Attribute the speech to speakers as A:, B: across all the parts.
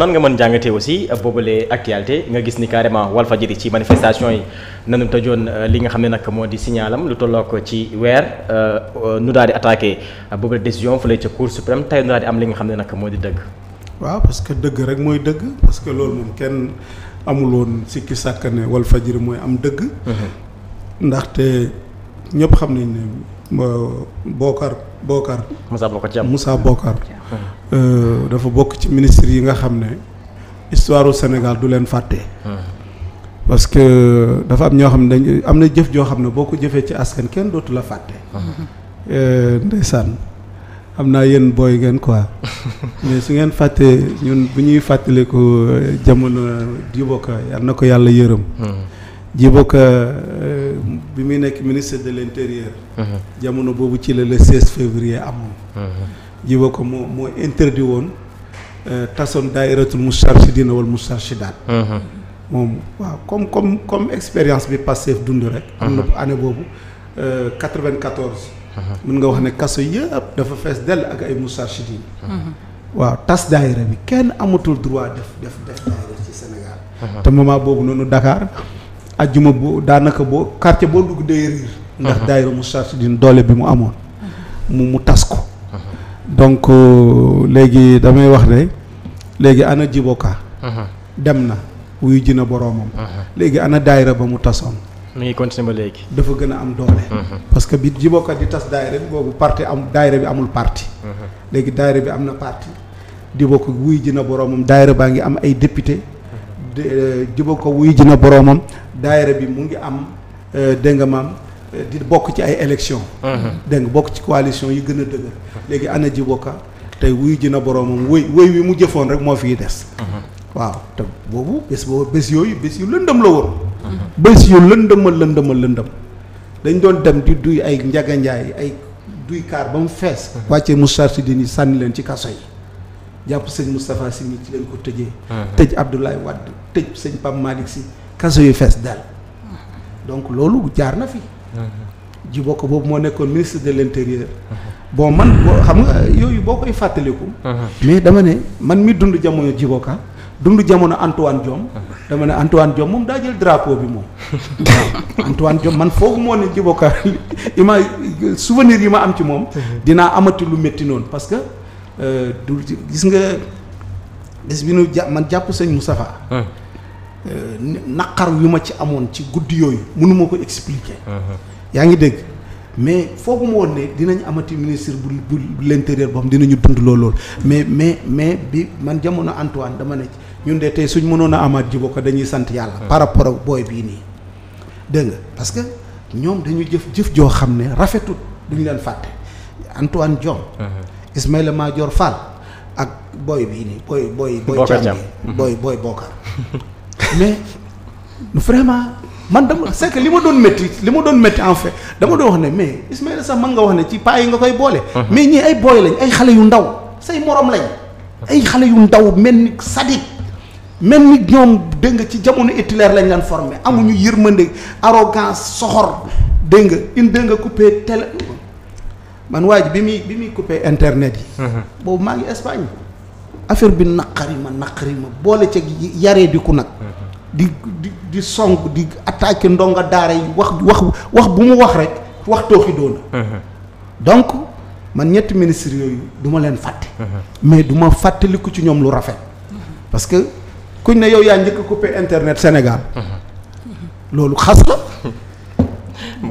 A: nan nga mën jàngatee aussi euh, boobule actualité nga gis ni carrément Walfadjri ci manifestation yi nanu tëjoon euh, li nga xam ne nag moo di signalam lu tolloo ko ci weer euh, nu daal di attaqué boobule décision fële ca cour suprême tey nu daal di am li nga xam ne nag moo di dëgg. waaw parce que dëgg rek mooy dëgg parce que loolu moom kenn amuloon sikki sàkk ne Walfadjri mooy am dëgg. Mm-hmm. ndaxte ñëpp xam nañ ne. Bokar Bokar. Moussa Bokar Thiam Moussa Bokar. Euh, dafa bokk ci ministre yi nga xam ne histoire u Sénégal du leen fàtte. Hmm. parce que dafa am ñoo xam ne dañ am na jëf joo xam ne boo ko jëfee ci askan kenn dootu la fàtte. Hmm. Euh, ndeysaan am naa yéen booy ngeen quoi mais su ngeen fàttee ñun bu ñuy fàttaliku euh, jamono jiboka yal na ko yàlla yërëm. Hmm. jiboka bi muy nekk ministre de l'intérieur. Uh-huh. jamono boobu ci la le 16 février amoon. Uh-huh. jiba ko moo moo interdit woon euh, tasoon daayiratul mustarchidina wal mustarchidaat uh-huh. moom waaw comme comme comme expérience bi passé dund rek. am na année boobu 94. Euh, mën nga wax ne kaso yëpp dafa fees dell ak ay mustarchidin waaw tas daayira bi kenn amatul droit def def def daayira ci Sénégal. te moment boobu noonu Dakar. ajjuma boo daanaka boo quartier boo dugg day riir ndax uh-huh. daayira Moustarchidine doole bi mu amoon mu mu tas ko uh-huh. donc euh, léegi damay wax ne léegi ana jiboka uh-huh. dem na wuyu ji na boroomam léegi ana daayira ba mu tasoon mi ngi continuer ba léegi dafa gën a am doole parce que bi jiboka di tas daayira bi boobu parti am daayira bi amul parti léegi daayira bi am na parti jiboka wuyu ji na boroomam daayira baa ngi am ay député euh, jiboka wuyu ji na boroomam daayira bi mu ngi am euh, dégg nga maam euh, di bokk ci ay élection mhm. dégg nga bokk ci coalition yi gën a dëgër léegi ana Djiboka tey wuy ji na boroomam wëy wëy wi mu jëfoon rek moo fiy des mhm. waaw te boobu bés boobu bés yooyu bés yu lëndëm la woon mhm. bés yu lëndëma lëndëma lëndëm dañ doon dem di duy ay njaganjaay ay duy kaar ba mu fees wàccee Moustarchidine yi sànni leen ci kaso yi jàpp sëñ Moustapha Sy mi ci leen ko tëjee tëj Abdoulaye Wade tëj sëñ pam Malick Sy kaso yu fees dal donc loolu jaar na fi.
B: Mhm.
A: ji bokk boobu moo nekkoon ministre de l'intérieur. Mhm. bon man boo xam nga yooyu boo koy fàttaliku. Mhm. mais dama ne man mi dund jamono jiboka dund jamono Antoine Diome. dama ne Antoine Diome moom daa jël drapeau bi moom. Antoine Diome man foogu moo ne jiboka ima souvenir yi ma am ci moom. dinaa amati lu métti noonu parce que euh, du gis nga gis bi nu ja man jàpp sëñ Moustapha Euh, naqar yu ma ci amoon ci guddi yooyu mënuma ko expliquer. Uh-huh. yaa ngi dégg mais fooguma woon ne dinañ amati ministre bu bu l'intérieur boo xam dinañu dund lool lool mais mais mais bi man jamono Antoine dama ne ñun de tey suñ mënoon a amaat jibo ko dañuy sant yàlla. Uh-huh. par rapport ak booy bii nii. dégg nga parce que ñoom dañu jëf jëf joo xam ne rafetut duñu leen fàtte Antoine Diome. Uh-huh. Ismaïla Madior Fall ak booy bii nii booy booy. booy Thiam booy booy Bokar. mais vraiment man dama c'est li ma doon métti li ma doon métti en fait dama doon wax ne mais Ismaïla sax mën nga wax ne ci paa yi nga koy boole. Uh-huh. mais ñii ay booy lañ ay xale yu ndaw say morom lañ. ay xale yu ndaw mel ni sadik mel ni ñoom dégg nga ci jamono itinéraire lañ laan forme amuñu yërmande arrogance soxor dégg nga in dégg nga coupé télé man waaj bi muy bi muy coupé internet yi. Uh-huh. boobu maa ngi Espagne affaire bi naqari ma naqari ma boole ca yaree di ku nag. Uh-huh. di di di song di attaquer ndongo daara yi wax wax wax bu mu wax rek wax tooxi doona uh-huh. man ñetti ministres yooyu duma leen fàtte uh-huh. mais du ma fàttaliku ci ñoom lu rafet uh-huh. parce que kuñ ne yow yaa njëkk a internet Sénégal loolu xas la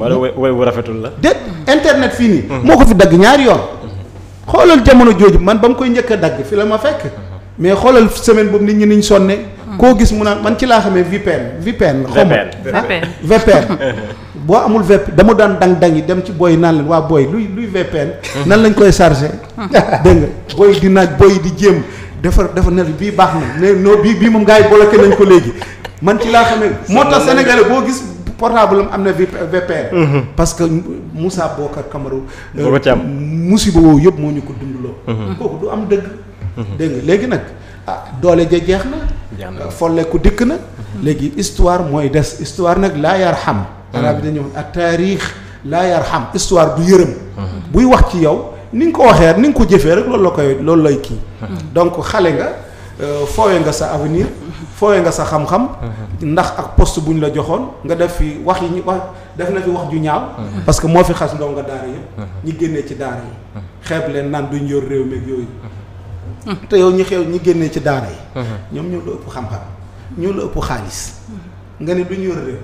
A: wala way wu rafetul la de internet fii nii moo ko fi dagg ñaari yoon xoolal jamono jooju man ba mu koy njëkk dagg fi la ma fekk mais xoolal semaine boobu nit ñi niñ sonne Hmm. koo gis mu naan man ci laa xamee VPN. VPN xaw VPN VPN. boo amul VPN dama daan dang dang yi dem ci booy naan leen waa booy luy VPN. Hmm. nan lañ koy chargé. Hmm. dégg nga booy di naaj booy di jéem defar defar ne bii baax na ne non bii bii moom gars yi bloqué nañ ko léegi man ci laa xamee. moo tax sénégalais boo gis. portable am am na VPN. parce que Moussa Bokar Camara. Euh, am musiba woowu yëpp moo ñu ko dundaloo. kooku du am dëgg. dégg léegi nag ah doole jeex na. Euh, folleku dikk na léegi histoire mooy des histoire nag laa yarham hmm. arab bi dañu ak xam laa yarham histoire du yërëm hmm. buy wax ci yow ni nga ko waxee ni nga ko jëfee rek loolu la koy loolu lay kii hmm. donc xale nga euh, foowe nga sa avenir foowe nga sa xam-xam ndax ak post bu ñu la joxoon nga def fi wax yi ñu wax def na fi wax ju ñaaw parce que moo fi xas ndongo daara yëpp ñi génnee ci daara yi xeeb leen naan duñ yor réew meeg yooyu te yow ñi xew ñi génnee ci daara yi. ñoom ñoo la ëpp xam-xam ñoo la ëpp xaalis. nga ne du ñu yor réew.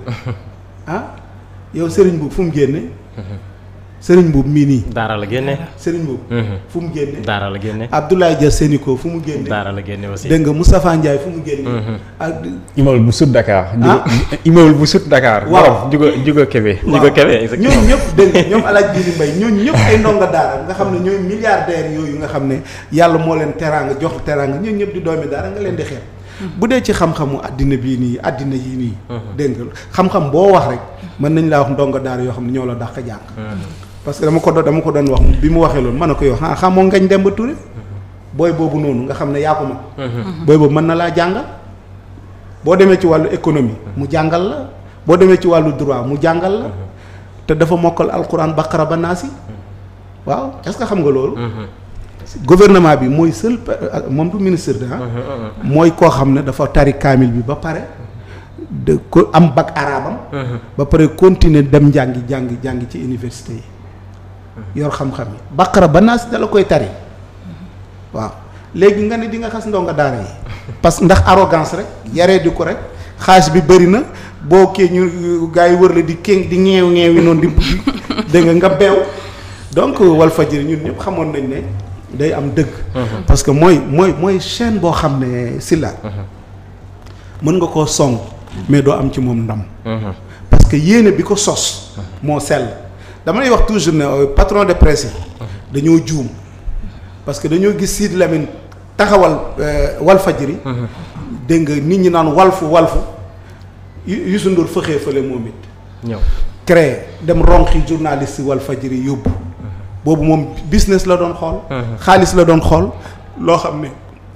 A: ah yow sëriñ bu fu mu génne. sëriñ boobu mii nii. daara la génne. sëriñ boobu. Mhm. fu mu génne. daara la génne. Abdoulaye Dia Séniko fu mu génne. daara la génne aussi. dégg nga Moustapha fu mu génne. Mhm. ak. immeuble bu sud Dakar. ah bu sud dakaar waaw Juga Juga Kébé. Juga Kébé exactement ñoom ñëpp dégg nga ñoom nga xam ne ñooy milliardaires yooyu nga xam ne yàlla moo leen teraang jox teraanga ñooñu ñëpp di doomi daara nga leen di xeeb. Mhm. bu dee ci xam-xamu àddina bii nii àddina yii nii. dégg nga xam-xam boo wax rek mën nañ laa wax ndonga daara yoo xam ne ñoo la dax jàng parce que dama ko doon dama ko doon wax bi mu waxee loolu mën na ko yow ah xamoo ngañ dem ba Touré booy boobu noonu nga xam ne yaa ko mag booy boobu mën na laa jàngal boo demee ci wàllu économie mu jàngal la boo demee ci wàllu droit mu jàngal la mhm. te dafa mokkal alquran baqara ba naasi mhm. waaw est-ce que xam nga loolu mhm. gouvernement bi mooy seul euh, moom du ministre de ah. mooy koo xam ne dafa tari kaamil bi ba pare de ko am bac arabam ba pare continuer dem njàngi jàngi jàngi ci université yi yor xam-xam yi baqara ba naas da la koy tari waaw léegi nga ne di nga xas ndongo daara yi parce que ndax arrogance rek yaree di ko rek xaalis bi bëri na boo kii ñu gars yi wër la di kéng di ñeew ñeew yi noonu di dégg nga nga beew donc Walfadjri ñun ñëpp xamoon nañ ne day am dëgg mhm. parce que mooy mooy mooy chaîne boo xam ne Sylla mhm. mën nga koo song mais doo am ci moom ndam mhm. parce yéene bi ko sos moo sell dama lay wax toujours ne euh, patron de presse yi dañoo juum parce que dañoo gis Sidy Lamine taxawal euh, Walfadjri dégg nga nit ñi naan walfu walfu yu Ndour fëxee fële moom it ñëw créé dem ronqi journaliste Walfadjri yóbbu boobu moom business la doon xool xaalis la doon xool loo xam ne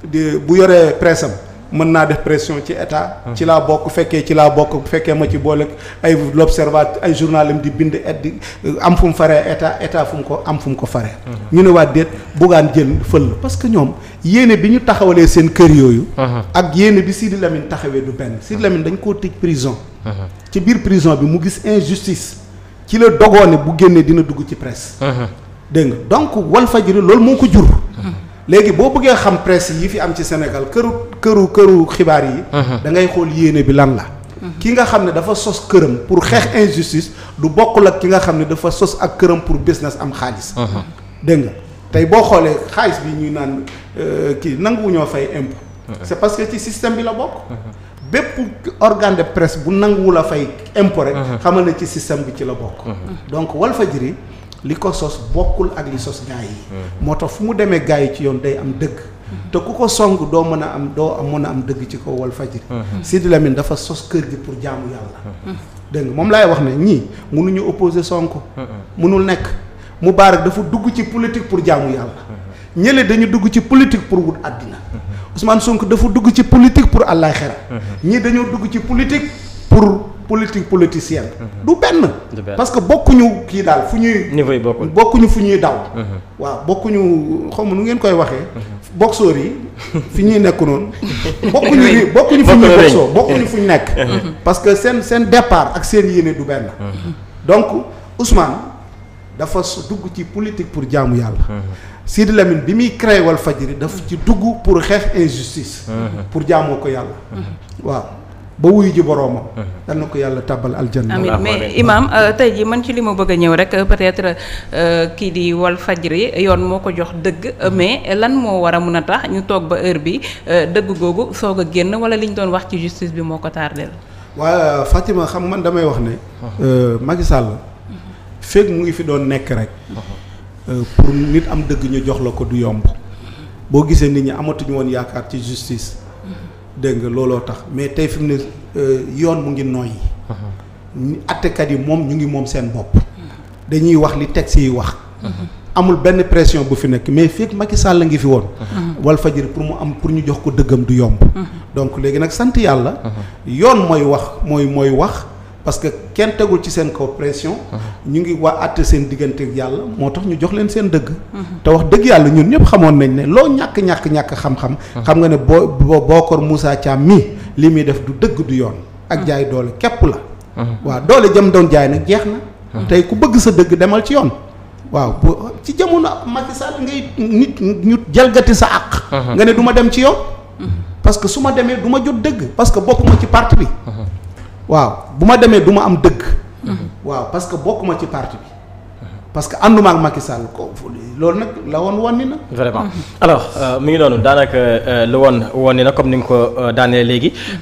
A: di bu yoree presse mën naa def pression ci état. ci laa bokk fekkee ci laa bokk bu fekkee ma ci boole ay l'observateur ay journalam di bind et am fu mu faree état état fu mu ko am fu mu ko faree. Mhm. ñu ne waa déet buggaan jël fël parce que ñoom yéene bi ñu taxawalee seen kër yooyu. Mhm. ak yéene bi Sidi Lamine taxawee du benn Sidi Lamine dañ koo tëj prison. Mhm. ci biir prison bi mu gis injustice ci la dogoone bu génnee dina dugg ci presse. dégg nga donc Walfadjri loolu moo ko jur. léegi boo bëggee xam presse yi fi am ci Sénégal këru këru këru xibaar yi. Mhm. da ngay xool yéene bi lan la. Mhm. ki nga xam ne dafa sos këram pour xeex injustice du bokkul ak ki nga xam ne dafa sos ak këram pour business am xaalis. Mhm. dégg nga tey boo xoolee xaalis bi ñuy naan euh, kii nanguwuñoo fay impôt. c'est parce que ci système bi la bokk. bépp organe de presse bu nanguwul a fay impôt rek. xamal ne ci système bi ci la bokk. donc Walfadjri li ko sos bokkul ak li sos gaay yi mhm. moo tax fu mu demee gaay yi ci yoon day am dëgg mhm. te ku ko song doo mën a am doo mën a am dëgg ci kaw Walfadjri mhm. Sidi Lamine dafa sos kër gi pour jaamu yàlla dégg nga moom laay wax ne ñii mënuñu opposé Sonko mënul nekk mu Moubarak dafa dugg ci politique pour jaamu yàlla ñële dañu dugg ci politique pour wut àddina Ousmane Sonko dafa dugg ci politique pour àllaaxira ñii dañoo dugg ci politique pour politique politicienne. Mhm. du benn. parce que bokkuñu kii daal fu ñuy. niveau yi bokkuñu fu ñuy daw. Mhm. waaw bokkuñu xaw ma nu ngeen koy waxee. Mhm. boxeur yi fi ñuy nekk noonu. bokkuñu bokkuñu fu ñu boxoo bokkuñu fu ñu nekk. parce que seen seen départ ak seen yéene du benn. donc Ousmane dafa dugg ci politique pour jaamu yàlla. Sidi Lamine bi muy faj Walfadjri dafa ci dugg pour xeex injustice. pour jaamoo ko yàlla. waaw. ba wuyu ji boroomam. dal na ko yàlla tàbbal aljanna. amiin mais Imaam euh, tey jii man ci li ma bëgg ñëw rek euh, peut-être euh, kii di wal fajri yoon moo ko jox dëgg mais lan moo war a mun a tax ñu toog ba heure bi dëgg googu soog a génn wala li ñu doon wax ci justice bi moo ko tardeel. waa Fatima xam man damay wax ne. Macky Sall feeg mu ngi fi doon nekk rek. pour nit am dëgg ñu jox la ko du yomb. boo gisee nit ñi amatuñu woon yaakaar ci justice. dégg nga looloo tax mais tey fi mu ne euh, yoon mu ngi noyyi. Uh-huh. attekat yi moom ñu ngi moom seen bopp. dañuy wax li teg yi wax. Uh-huh. amul benn pression bu fi nekk mais fekk Macky Sall la ngi fi woon. Uh-huh. Walfadjri pour mu am pour ñu jox ko dëggam du yomb. donc léegi nag sant yàlla. yoon mooy wax mooy mooy wax. parce que kenn tegul ci seen kaw pression. Uh-huh. ñu ngi wax àtte seen diggante yàlla moo tax ñu jox leen seen dëgg. Uh-huh. te wax dëgg yàlla ñun ñëpp xamoon nañ ne loo ñàkk ñàkk ñàkk xam-xam. Uh-huh. xam nga ne boo boo Bocar Moussa Thiam mii li muy def du dëgg du yoon. ak jaay doole képp la. waaw doole jëm doon jaay nag jeex na. tey ku bëgg sa dëgg demal ci yoon. waaw bu ci jamono Macky Sall ngay nit ñu jalgati sa àq. nga ne du ma dem ci yoon. parce que su ma demee du ma jot dëgg. parce que bokkuma ci parti bi. waaw bu ma demee du ma am dëkk waaw parce que bokkuma ci parti bi. parce que ànduma ak Macky Sall ko loolu nag la woon woon ni na. vraiment alors euh, mi ngi noonu daanaka euh, la woon woon na comme ni nga ko euh, daanee léegi.